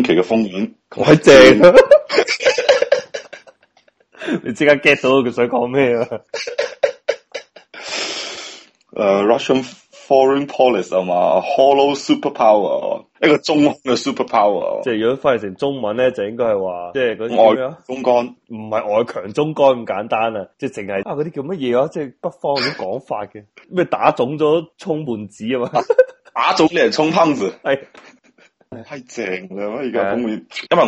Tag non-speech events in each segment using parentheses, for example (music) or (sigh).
今期嘅封面，好正啊！ (laughs) 你即刻 get 到佢想講咩啊誒，Russian foreign policy 啊嘛、right?，Hollow superpower，一個中文嘅 superpower，即係如果翻譯成中文咧，就應該係話，即係外啊？中乾，唔係外強中乾咁簡單啊！即係淨係啊，嗰啲叫乜嘢 (laughs) 啊？即係北方嗰啲講法嘅咩？打腫咗充胖子啊嘛，打腫臉充胖子係。 (laughs) (laughs) 太正啦！而家咁樣，啊、因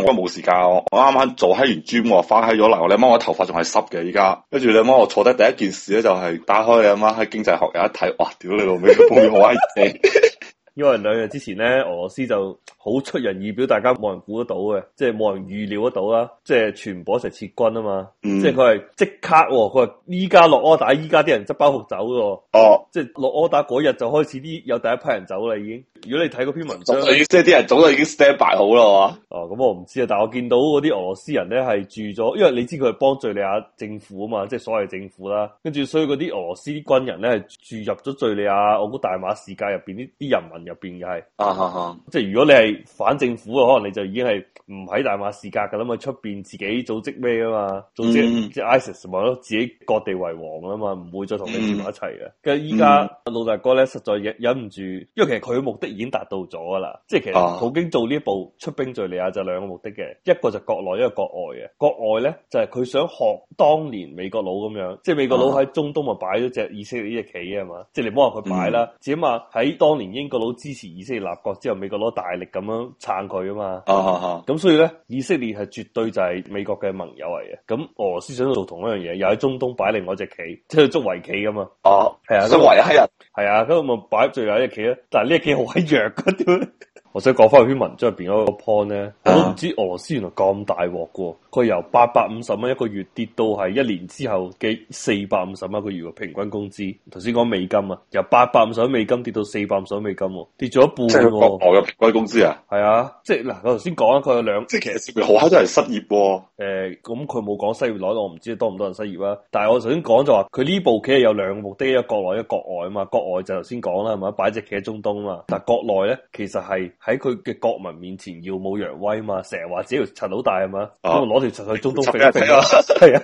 為我冇時間哦。我啱啱做喺完 gym，你媽媽，我翻喺咗嚟。我阿媽，我頭髮仲係濕嘅，依家。跟住你阿媽，我坐低第一件事咧，就係打開你阿媽喺經濟學有一睇。哇！屌你老味，咁樣好閪正。 (laughs) (laughs) 因為兩日之前咧，俄羅斯就好出人意表，大家冇人估得到嘅，即係冇人預料得到啦。即係全部一齊撤軍啊嘛。嗯、即係佢係即刻，佢依家落柯打，依家啲人執包袱走咯。哦，即係落柯打嗰日就開始啲有第一批人走啦，已經。如果你睇嗰篇文章，即係啲人早就已經 stand by 好啦。 (laughs) 哦，咁我唔知啊，但係我見到嗰啲俄羅斯人咧係住咗，因為你知佢係幫助敘利亞政府啊嘛，即係所謂政府啦。跟住所以嗰啲俄羅斯啲軍人咧係住入咗敘利亞，我估大馬士革入邊啲啲人民入邊嘅係。啊,啊即係如果你係反政府嘅，可能你就已經係唔喺大馬士革噶啦嘛，出邊自己組織咩噶嘛，組織、嗯、即係 IS ISIS 咪咯，自己割地為王啊嘛，唔會再同你住埋一齊嘅。嗯、其實依家老大哥咧實在忍忍唔住，因為其實佢嘅目的。已經達到咗噶啦，即係其實普京做呢一步出兵敘利亞就兩個目的嘅，一個就國內，一個國外嘅。國外咧就係、是、佢想學當年美國佬咁樣，即係美國佬喺中東啊擺咗隻以色列呢隻棋啊嘛，即係你唔好話佢擺啦，只起碼喺當年英國佬支持以色列立國之後，美國佬大力咁樣撐佢啊嘛。啊咁、啊啊、所以咧，以色列係絕對就係美國嘅盟友嚟嘅。咁俄羅斯想做同一樣嘢，又喺中東擺另外一隻棋，即係捉圍棋噶嘛。哦，係啊，捉圍啊。係啊，咁我擺最後一隻棋啦，但呢一棋好閪弱噶點或者講翻嗰篇文章入邊嗰個 point 咧，啊、我都唔知俄羅斯原來咁大鑊嘅，佢由八百五十蚊一個月跌到係一年之後嘅四百五十蚊一個月嘅平均工資。頭先講美金啊，由八百五十美金跌到四百五十美金，跌咗一半、啊。即係平均工資啊？係啊，即係嗱，我頭先講佢有兩，即係其實好多人失業。誒，咁佢冇講失業攞，我唔知多唔多人失業啊。但係我頭先講就話，佢呢部棋有兩個目的，一個國內，一個國外啊嘛。國外就頭先講啦，係咪？擺隻棋喺中東啊嘛。但係國內咧，其實係。喺佢嘅國民面前耀武揚威嘛，成日話只要陳老大係嘛，咁攞、啊、條陳去中東揈一揈，係 (laughs) 啊，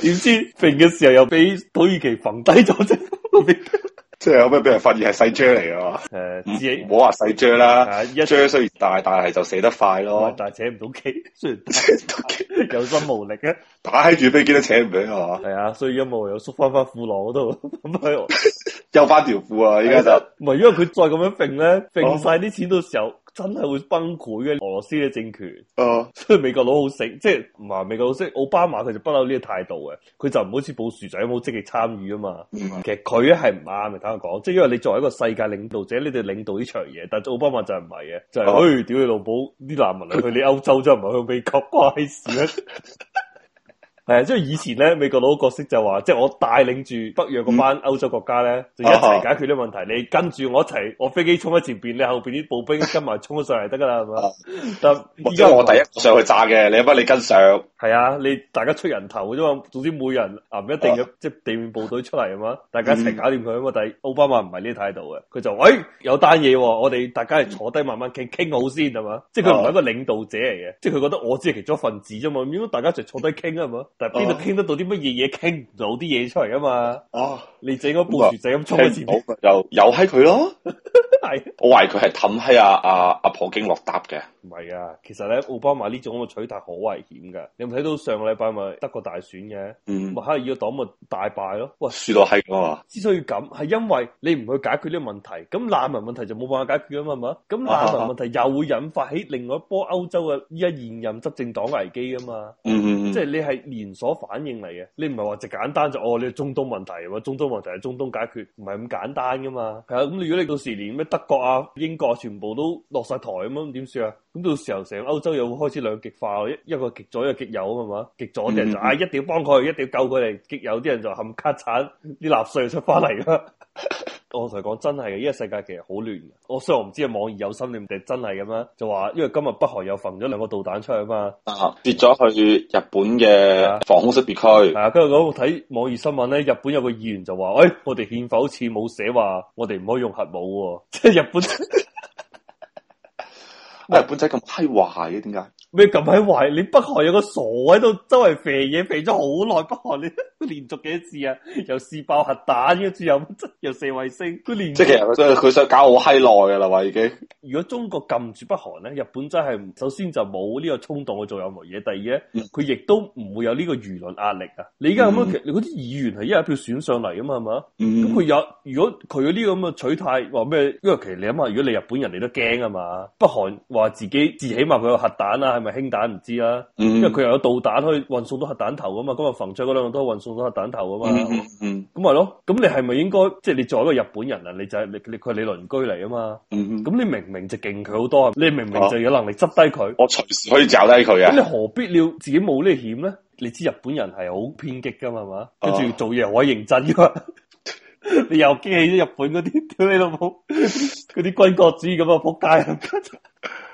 點知揈嘅時候又俾土耳其揈低咗啫， (laughs) 即係有咩俾人發現係細將嚟㗎嘛？唔好話細將啦，啊、一將雖然大，但係就射得快咯，但係扯唔到旗，雖然 (laughs) 有心無力啊，打喺住飛機都扯唔起係嘛？係 (laughs) 啊，所以一無有縮翻翻褲褸都度。 (laughs) (laughs) 又翻條褲啊！依家就唔係因為佢再咁樣揈咧，揈晒啲錢到時候真係會崩潰嘅俄羅斯嘅政權。哦、uh，huh. 所以美國佬好死，即係麻美國佬即係奧巴馬，佢就不嬲呢個態度嘅，佢就唔好似布殊仔冇積極參與啊嘛。Uh huh. 其實佢係唔啱嘅，聽我講，即係因為你作為一個世界領導者，你哋領導呢場嘢，但係奧巴馬就唔係嘅，就係、是，哎、uh huh.，屌你老母，啲難民嚟去你歐洲真係，唔係去美國怪事啊！係啊，即係以前咧，美國佬角色就話，即係我帶領住北約嗰班歐洲國家咧，就一齊解決呢個問題。你跟住我一齊，我飛機衝喺前邊，你後邊啲步兵跟埋衝咗上嚟得噶啦，係嘛？但而家我第一上去炸嘅，你不如你跟上。係啊，你大家出人頭嘅啫嘛。總之每人啊唔一定要即係地面部隊出嚟啊嘛。大家一齊搞掂佢啊嘛。但係奧巴馬唔係呢個態度嘅，佢就喂有單嘢，我哋大家係坐低慢慢傾傾好先，係嘛？即係佢唔係一個領導者嚟嘅，即係佢覺得我只係其中一份子啫嘛。如果大家一齊坐低傾啊係嘛。但係邊度傾得到啲乜嘢嘢？傾唔到啲嘢出嚟啊嘛？哦、啊。你整嗰杯薯仔咁沖又又喺佢咯。係 (laughs) (laughs) 是、啊啊，我懷疑佢係氹喺阿阿阿婆京落搭嘅。唔係啊，其實咧奧巴馬呢種咁嘅取代好危險嘅。你唔睇到上個禮拜咪德國大選嘅，咪吓而個黨咪大敗咯。哇，輸到閪咁啊！之所以咁，係因為你唔去解決呢個問題，咁難民問題就冇辦法解決啊嘛係嘛。咁難民問題又會引發起另外一波歐洲嘅依家現任執政黨危機啊嘛。即係你係連鎖反應嚟嘅，你唔係話就簡單就哦，你係中東，東，東，東問題啊嘛，中東，東。就係中東解決唔係咁簡單噶嘛，係啊，咁如果你到時連咩德國啊英國全部都落晒台，咁樣，點算啊？咁到時候成歐洲又會開始兩極化，一一個極左一個極右啊嘛，極左啲人就啊一定要幫佢，一定要救佢哋；極右啲人就冚卡產啲納稅出翻嚟啦。我同你講真係嘅，呢個世界其實好亂。我雖然我唔知網易有心定係真係咁樣，就話因為今日北韓又發咗兩個導彈出去啊嘛，跌咗去日本嘅防空識別區。係啊，跟住我睇網易新聞咧，日本有個議員就話，誒、哎，我哋憲法好似冇寫話，我哋唔可以用核武喎、啊。即係日本， (laughs) 啊、日本仔咁閪壞嘅點解？咩咁喺壞？你北韓有個傻喺度周圍肥嘢，肥咗好耐，北韓你連續幾多次啊？又試爆核彈，跟住又又射衛星。佢連即係其實佢想搞好閪耐噶啦，話已經。如果中國撳住北韓咧，日本真係首先就冇呢個衝動去做任何嘢。第二咧，佢亦、嗯、都唔會有呢個輿論壓力啊。你而家咁樣，嗯、你嗰啲議員係一票選上嚟噶嘛，係嘛？咁佢、嗯、有如果佢呢啲咁嘅取態話咩？因為其實你諗下，如果你日本人你都驚啊嘛？北韓話自己至起碼佢有核彈啊。咪氫彈唔知啦、啊，因為佢又有導彈可以運送到核彈頭噶嘛，嗰、嗯、個防卓嗰兩個都運送到核彈頭噶嘛，咁咪咯，咁、嗯、你係咪應該即係你作為一個日本人啊，你就係、是、你你佢係你鄰居嚟啊嘛，咁、嗯嗯、你明明就勁佢好多，啊、你明明就有能力執低佢，我隨時可以找低佢啊，咁你何必要自己冒呢險咧？你知日本人係好偏激噶嘛嘛，跟住、啊、做嘢好認真噶嘛， (laughs) 你又激起日本嗰啲屌你老母，嗰 (laughs) 啲軍國主義咁啊仆街啊！ (laughs)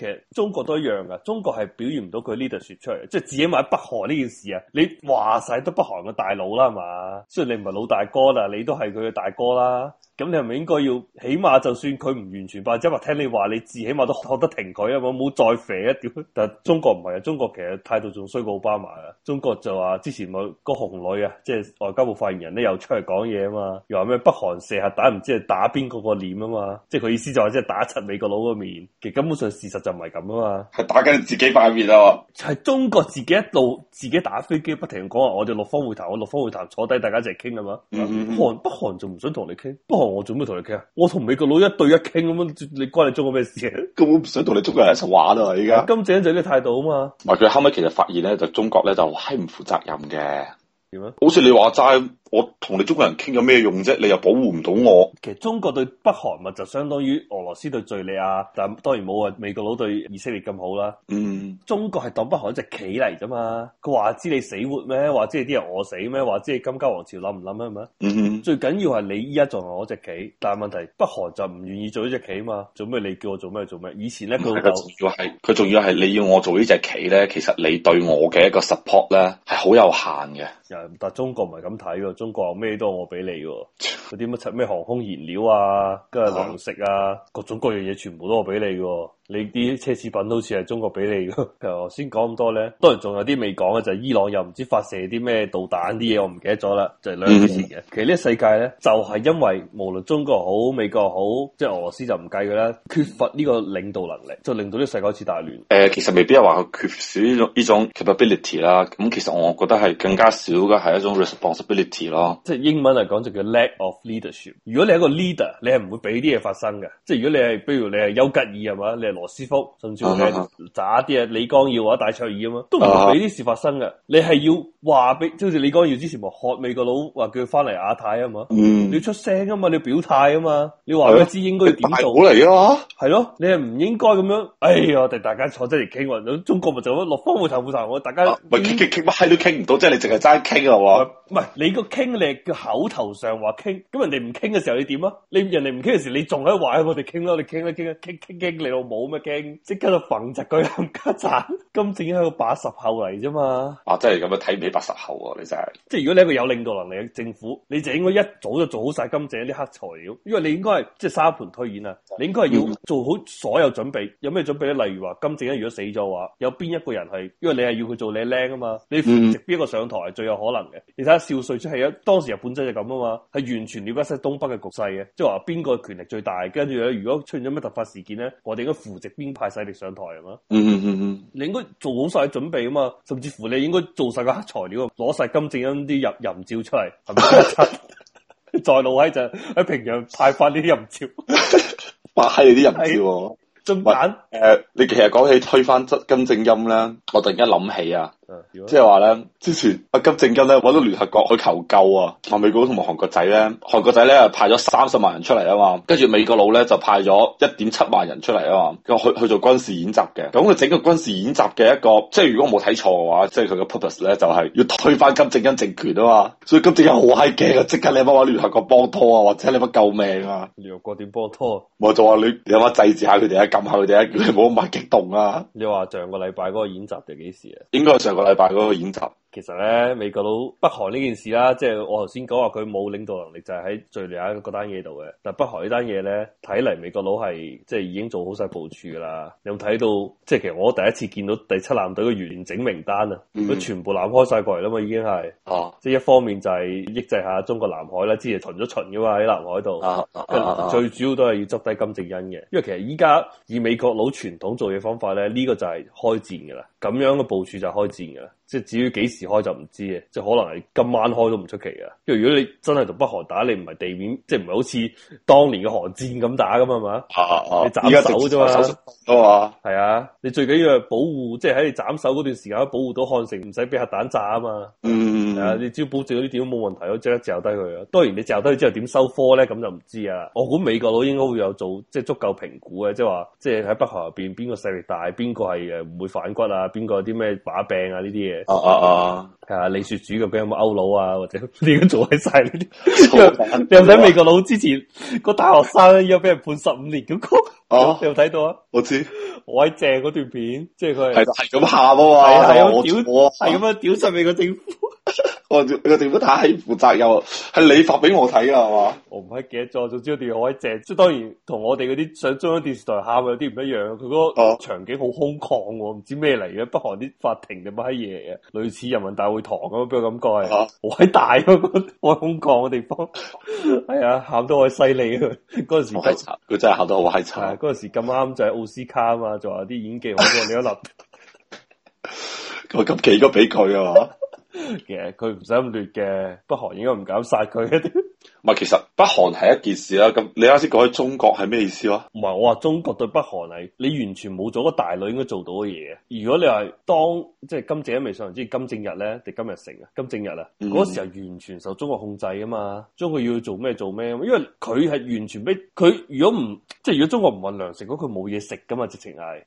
其實中國都一樣噶，中國係表現唔到佢呢度說出嚟，即係自己買北韓呢件事啊！你話晒都北韓嘅大佬啦，係嘛，雖然你唔係老大哥啦，你都係佢嘅大哥啦。咁你係咪應該要起碼就算佢唔完全，即係話聽你話，你字起碼都學得停佢，我冇再肥一點。但係中國唔係啊，中國其實態度仲衰過奧巴馬啊。中國就話之前我個紅女啊，即係外交部發言人咧又出嚟講嘢啊嘛，又話咩北韓射下打唔知係打邊個個臉啊嘛，即係佢意思就係即係打七美國佬個面，其實根本上事實就唔係咁啊嘛，係打緊自己塊面啊，係中國自己一路自己打飛機不停講話，我哋六方會談，我六方會談坐低大家一齊傾啊嘛，韓北韓、嗯嗯、就唔想同你傾，北韓。我做咩同你傾啊？我同美國佬一對一傾咁樣，你關你中國咩事啊？ (laughs) 根本唔想同你中國人說話啦！而家金正恩嘅呢態度啊嘛。或佢後尾其實發現咧，就中國咧就係唔負責任嘅。點啊樣？好似你話齋。我同你中國人傾有咩用啫？你又保護唔到我。其實中國對北韓咪就相當於俄羅斯對敘利亞，但當然冇話美國佬對以色列咁好啦。嗯，中國係當北韓隻棋嚟，啫嘛，佢話知你死活咩？話知啲人餓死咩？話知你金家王朝諗唔諗咩？係咪、嗯？最緊要係你依家做我隻棋，但係問題北韓就唔願意做呢隻棋啊嘛，做咩你叫我做咩做咩？以前咧佢仲要係佢仲要係你要我做隻呢隻棋咧，其實你對我嘅一個 support 咧係好有限嘅。但中國唔係咁睇。中國咩都我畀你嘅，嗰啲乜七咩航空燃料啊，跟住糧食啊，各種各樣嘢全部都我畀你嘅。你啲奢侈品好似係中國俾你㗎，頭先講咁多咧。當然仲有啲未講嘅，就係、是、伊朗又唔知發射啲咩導彈啲嘢，我唔記得咗啦。就是、兩件事。嘅、嗯。其實呢個世界咧，就係、是、因為無論中國好、美國好，即、就、係、是、俄羅斯就唔計㗎啦，缺乏呢個領導能力，就令到啲世界開始大亂。誒、呃，其實未必係話佢缺少呢種呢種 capability 啦。咁、嗯、其實我覺得係更加少嘅係一種 responsibility 咯。即係英文嚟講就叫 lack of leadership。如果你係一個 leader，你係唔會俾啲嘢發生嘅。即係如果你係，比如你係丘吉爾係嘛，你羅斯福，甚至乎係渣啲啊，啊！李光耀啊，戴卓爾啊嘛，都唔俾啲事發生嘅。你係要話俾，即好似李光耀之前話學美國佬話叫佢翻嚟亞太啊嘛。嗯，ing, yeah. 你出聲啊嘛，你表態啊嘛，你話佢知應該點做嚟咯？係咯，你係唔應該咁樣。哎呀，我哋大家坐低嚟傾啊！中國咪就落落風頭冇晒，我大家咪傾傾傾乜都傾唔到，即係你淨係爭傾啊！唔係你個傾力嘅口頭上話傾，咁人哋唔傾嘅時候你點啊？你人哋唔傾嘅時，你仲喺度話我哋傾咯？你傾得傾傾傾傾你老母！咁驚即刻就馮石佢。林家站，金正恩係個八十後嚟啫嘛？哇，真係咁樣睇你八十後喎！啊！你真係，即係如果你一個有領導能力嘅政府，你就應該一早就做好晒金正恩啲黑材料，因為你應該係即係沙盤推演啊！你應該係要做好所有準備，有咩準備咧？例如話金正恩如果死咗嘅話，有邊一個人係因為你係要佢做你僆啊嘛？你扶植邊一個上台係最有可能嘅？嗯、你睇下少帥出係啊，當時日本仔就咁啊嘛，係完全了解西東北嘅局勢嘅，即係話邊個權力最大？跟住咧，如果出現咗咩突發事件咧，我哋應該扶。直邊派勢力上台係嘛，嗯？嗯嗯嗯嗯，你應該做好晒準備啊嘛，甚至乎你應該做晒個黑材料，攞晒金正恩啲淫淫照出嚟，係咪？ (laughs) (laughs) 再老喺就喺平壤派發呢啲淫照，發閪 (laughs) 你啲淫照，中間誒，你其實講起推翻金金正恩咧，我突然間諗起啊。即係話咧，之前阿金正恩咧揾咗聯合國去求救啊，同美國同埋韓國仔咧，韓國仔咧派咗三十萬人出嚟啊嘛，跟住美國佬咧就派咗一點七萬人出嚟啊嘛，佢去去做軍事演習嘅。咁佢整個軍事演習嘅一個，即係如果我冇睇錯嘅話，即係佢個 purpose 咧就係要推翻金正恩政權啊嘛，所以金正恩好嗨驚啊，即刻你乜話聯合國幫拖啊，或者你乜救命啊？聯合國點幫拖？我就話你你乜制止下佢哋啊，撳下佢哋啊，你唔好咁咪激動啊？你話上個禮拜嗰個演習定幾時啊？應該上個禮拜嗰個演習。其實咧，美國佬北韓呢件事啦，即係我頭先講話佢冇領導能力，就係喺敘利亞嗰單嘢度嘅。但北韓呢單嘢咧，睇嚟美國佬係即係已經做好晒部署噶啦。你有冇睇到？即係其實我第一次見到第七艦隊嘅完整名單啊，佢、嗯、全部攬開晒過嚟啦嘛，已經係哦。啊、即係一方面就係抑制下中國南海啦，之前巡咗巡，噶嘛喺南海度。啊啊啊、最主要都係要捉低金正恩嘅。因為其實依家以美國佬傳統做嘢方法咧，呢、呢個就係開戰噶啦。咁樣嘅部署就係開戰噶啦。即係至於幾時開就唔知啊！即係可能係今晚開都唔出奇啊！因為如果你真係同北韓打，你唔係地面，即係唔係好似當年嘅韓戰咁打噶嘛？啊，啊啊！你斬首啫嘛，啊嘛，係啊！你最緊要係保護，即係喺你斬首嗰段時間保護到漢城，唔使俾核彈炸啊嘛！嗯啊，你只要保證啲點都冇問題咯，即刻炸低佢啊！當然你炸低之後點收科咧，咁就唔知啊！我估美國佬應該會有做，即係足夠評估啊，即係話，即係喺北韓入邊邊個勢力大，邊個係誒唔會反骨啊？邊個有啲咩把柄啊？呢啲嘢。哦哦哦，啊！Uh, uh, uh. 李雪主嘅有冇勾佬啊，或者 (laughs) 你點樣做喺晒嗰啲，又唔使美國佬之前、啊、個大學生而家俾人判十五年咁曲，有睇到啊？到我知，我喺正嗰段片，即係佢係係咁下啊嘛，係咁屌，係咁樣屌晒美國政府。 (laughs) 我個政府太負責任啊！係你發俾我睇啊，係嘛？我唔係記得咗，總之我好開正，即係當然同我哋嗰啲上中央電視台喊有啲唔一樣。佢嗰個場景好空曠喎，唔知咩嚟嘅。北韓啲法庭嘅乜閪嘢嚟嘅，類似人民大會堂咁樣俾我感覺係好閪大，個個好空曠嘅地方。係、哎、啊，喊到我犀利嗰陣時好佢真係喊到好閪慘。嗰陣、哎、時咁啱就係奧斯卡啊嘛，仲有啲演技好過你嘉林。我咁奇個俾佢啊嘛！ (laughs) 其實佢唔使咁劣嘅，北韓應該唔敢殺佢 (laughs) 唔係，其實北韓係一件事啦、啊。咁你啱先講起中國係咩意思咯、啊？唔係，我話中國對北韓你，你完全冇做個大女應該做到嘅嘢。如果你話當即係金正恩未上台之前，金正日咧定金日成啊？金正日啊，嗰、嗯、時候完全受中國控制噶嘛。中國要做咩做咩，因為佢係完全俾佢如果唔即係如果中國唔運糧食，咁佢冇嘢食噶嘛，直情係。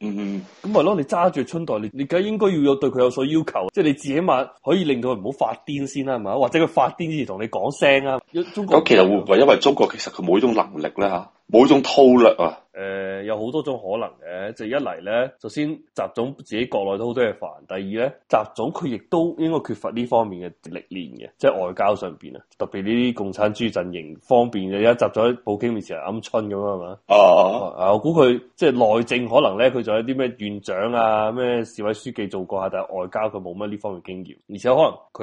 咁咪咯，你揸住春袋，你你梗係應該要有對佢有所要求，即、就、係、是、你至少起碼可以令到佢唔好發癲先啦，係嘛？或者佢發癲之前同你講聲啊，中國。其實會唔會因為中國其實佢冇呢種能力咧吓，冇呢種韜略啊？誒。呃有好多種可能嘅，就係一嚟咧，首先習總自己國內都好多嘢煩第二咧，習總佢亦都應該缺乏呢方面嘅歷練嘅，即係外交上邊啊，特別呢啲共產主義陣營方面嘅，而家習總喺普京面前係鵪鶉咁啊嘛，嗯、樣啊，我估佢即係內政可能咧，佢仲有啲咩院長啊，咩市委書記做過下，但係外交佢冇乜呢方面經驗，而且可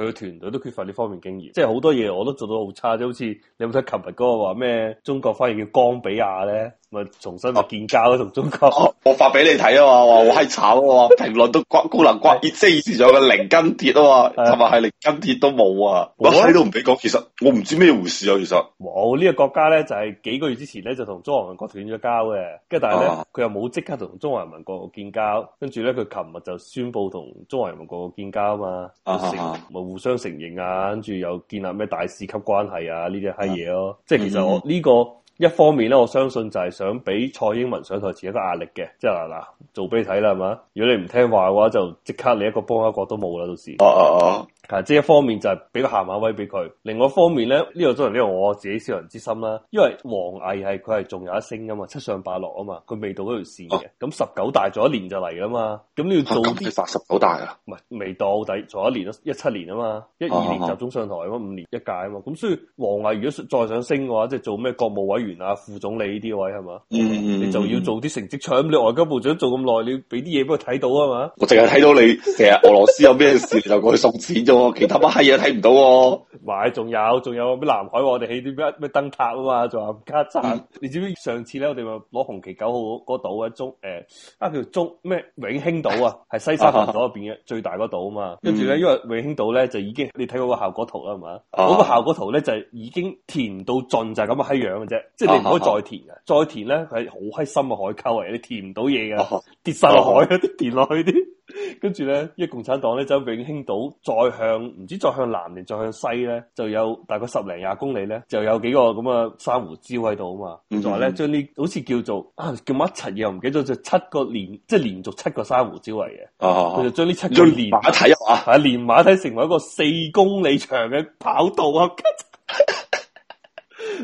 能佢嘅團隊都缺乏呢方面經驗，即係好多嘢我都做到好差，就好似你有冇睇琴日嗰個話咩中國翻譯叫岡比亞咧？咪重新話建交咯，同中國。啊啊、我發俾你睇啊嘛，話好閪慘啊，評論、啊、 (laughs) 都關高能關，即係意思就係個零跟帖啊嘛，同埋係零跟帖都冇啊。我喺度唔俾講，其實我唔知咩回事啊。其實，我呢個國家咧就係、是、幾個月之前咧就同中華民國斷咗交嘅，呢啊、跟住但係咧佢又冇即刻同中華人民國建交，跟住咧佢琴日就宣布同中華人民國建交啊嘛，啊哈哈成咪互相承認啊，跟住又建立咩大使級關係啊呢啲閪嘢咯，即係、啊嗯、其實我呢個。一方面咧，我相信就係想畀蔡英文上台前一個壓力嘅，即係嗱，做俾你睇啦，係嘛？如果你唔聽話嘅話，就即刻你一個邦交國都冇啦，到時。啊啊啊係，即一方面就係俾個下馬威俾佢，另外一方面咧，呢個真係呢個我自己小人之心啦。因為王毅係佢係仲有一升噶嘛，七上八落啊嘛，佢未到嗰條線嘅。咁十九大做一年就嚟噶嘛，咁你要做啲發十九大啊？唔係未到底，做一年一七年啊嘛，一二年習總上台咁五年一屆啊嘛，咁所以王毅如果再想升嘅話，即係做咩國務委員啊、副總理呢啲位係嘛？嗯嗯，你就要做啲成績出，你外交部長做咁耐，你要俾啲嘢俾佢睇到啊嘛？我淨係睇到你成日俄羅斯有咩事就過去送錢啫。 (laughs) (laughs) 其他乜閪嘢睇唔到，啊，唔係，仲有仲有咩南海我哋起啲咩咩燈塔啊嘛，仲有加棧， (laughs) 你知唔知上次咧我哋咪攞紅旗九號嗰個島啊，中誒啊叫中咩永興島啊，係西沙群島入邊嘅最大嗰島啊嘛，跟住咧因為永興島咧就已經你睇過個效果圖啦，係嘛，嗰個效果圖咧就係已經填到盡就係咁嘅閪樣嘅啫，即係你唔可以再填嘅， (laughs) (laughs) 再填咧佢係好閪深嘅海溝嚟，你填唔到嘢噶，跌晒落海啊，啲填落去啲。 (laughs) 跟住咧，一共產黨咧走永興島，再向唔知再向南定再向西咧，就有大概十零廿公里咧，就有幾個咁嘅珊瑚礁喺度啊嘛，然後咧將呢，將好似叫做、啊、叫乜柒嘢，我唔記得咗，就係、七個連即係、就係、連續七個珊瑚礁嚟嘅，佢、啊、就將呢七個連、啊、連馬蹄啊，係連馬蹄成為一個四公里長嘅跑道啊， (laughs)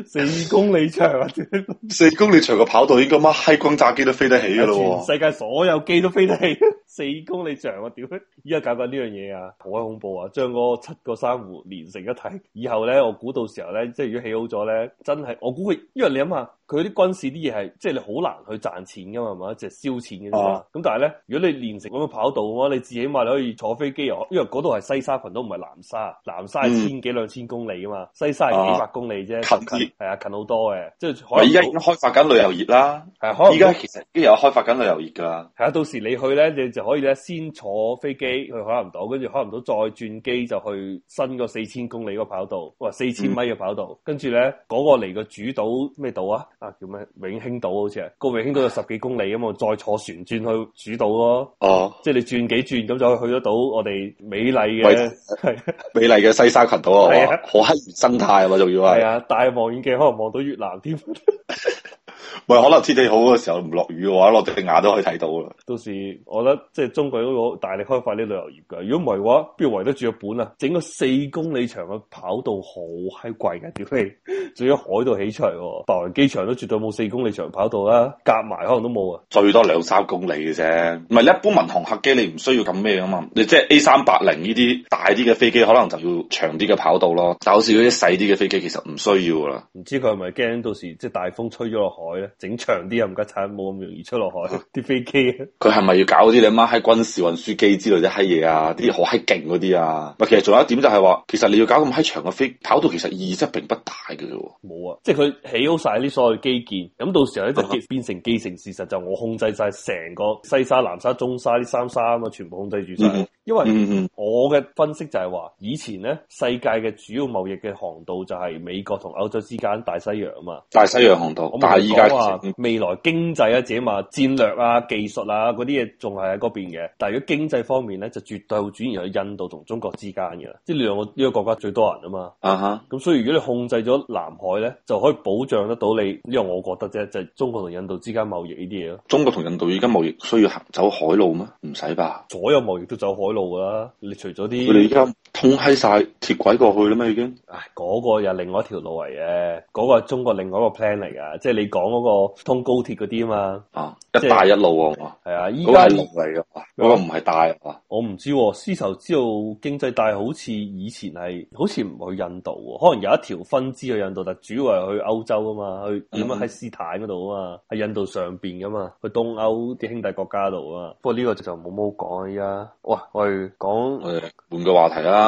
四公里長啊， (laughs) 四公里長嘅跑道應該乜嗨，轟炸機都飛得起噶咯，全世界所有機都飛得起。四公里長啊！屌，依家搞緊呢樣嘢啊，好恐怖啊！將嗰七個珊瑚連成一體，以後咧，我估到時候咧，即係如果起好咗咧，真係我估佢，因為你諗下，佢啲軍事啲嘢係，即係你好難去賺錢噶嘛，係嘛，就係燒錢嘅啫。咁、啊、但係咧，如果你連成咁樣跑道嘅話，你自己起碼你可以坐飛機啊，因為嗰度係西沙群都唔係南沙，南沙係千幾兩千公里噶嘛，嗯、西沙係幾百公里啫，啊、近。係啊，近好多嘅。即係。而家已經開發緊旅遊業啦。係啊，而家其實都有開發緊旅遊業噶。係啊，到時你去咧，你就。可以咧，先坐飛機去海南島，跟住海南島再轉機就去新個四千公里嗰跑道，哇，四千米嘅跑道，跟住咧嗰個嚟個主島咩島啊？啊，叫咩永興島好似啊，個永興島有十幾公里咁啊，再坐船轉去主島咯、啊。哦，即係你轉幾轉咁就可以去得到我哋美麗嘅係喂、啊、美麗嘅西沙群島啊，係啊，好黑原生態啊嘛，仲要啊，係啊，戴望遠鏡可能望到越南添。 (laughs) 唔係可能天氣好嘅時候唔落雨嘅話，落對牙都可以睇到噶啦。到時我覺得即係中國嗰個大力開發呢旅遊業噶。如果唔係嘅話，邊圍得住日本啊？整個四公里長嘅跑道好閪貴噶，屌你、 (laughs) 啊！仲要海度起出嚟、啊，白雲機場都絕對冇四公里長跑道啦、啊，夾埋可能都冇啊，最多兩三公里嘅啫。唔係一般民航客機你唔需要咁咩噶嘛？你即係 A 三八零呢啲大啲嘅飛機，可能就要長啲嘅跑道咯。但好似嗰啲細啲嘅飛機，其實唔需要噶啦。唔知佢係咪驚到時即係、就是、大風吹咗落海？整長啲又唔該，慘冇咁容易出落海啲飛機。佢係咪要搞啲你媽喺軍事運輸機之類啲閪嘢啊？啲好閪勁嗰啲啊！唔係，其實仲有一點就係話，其實你要搞咁閪長嘅飛，跑道其實意義則並不大嘅。冇啊，即係佢起好晒啲所謂基建，咁到時候咧就變成既成事實，uh huh. 就我控制晒成個西沙、南沙、中沙啲三沙啊嘛，全部控制住晒。Mm hmm. 因為我嘅分析就係話，以前咧世界嘅主要貿易嘅航道就係美國同歐洲之間大西洋啊嘛。大西洋航道，我明白但係而家。話未來經濟啊，或者話戰略啊、技術啊嗰啲嘢，仲係喺嗰邊嘅。但係如果經濟方面咧，就絕對會轉移去印度同中國之間嘅。即係兩個呢、呢個國家最多人啊嘛。啊哈、uh。咁、huh. 所以如果你控制咗南海咧，就可以保障得到你。呢、呢個我覺得啫，就係、是、中國同印度之間貿易呢啲嘢咯。中國同印度而家貿易需要行走海路咩？唔使吧。所有貿易都走海路噶啦，你除咗啲。通閪晒鐵軌過去啦嘛，已經、哎。唉，嗰個又另外一條路嚟嘅，嗰、嗰個係中國另外一個 plan 嚟噶，即係你講嗰個通高鐵嗰啲啊嘛。啊，一帶一路喎。係啊，依家係路嚟嘅嘛。嗰個唔係帶啊。嗰個大啊嗯、我唔知、啊，絲綢之路經濟帶好似以前係，好似唔去印度喎、啊，可能有一條分支去印度，但主要係去歐洲啊、嗯、嘛，去點啊喺斯坦嗰度啊嘛，喺印度上邊噶嘛，去東歐啲兄弟國家度啊。不過呢個就就冇冇講啊依家。哇，我哋講換個話題啦、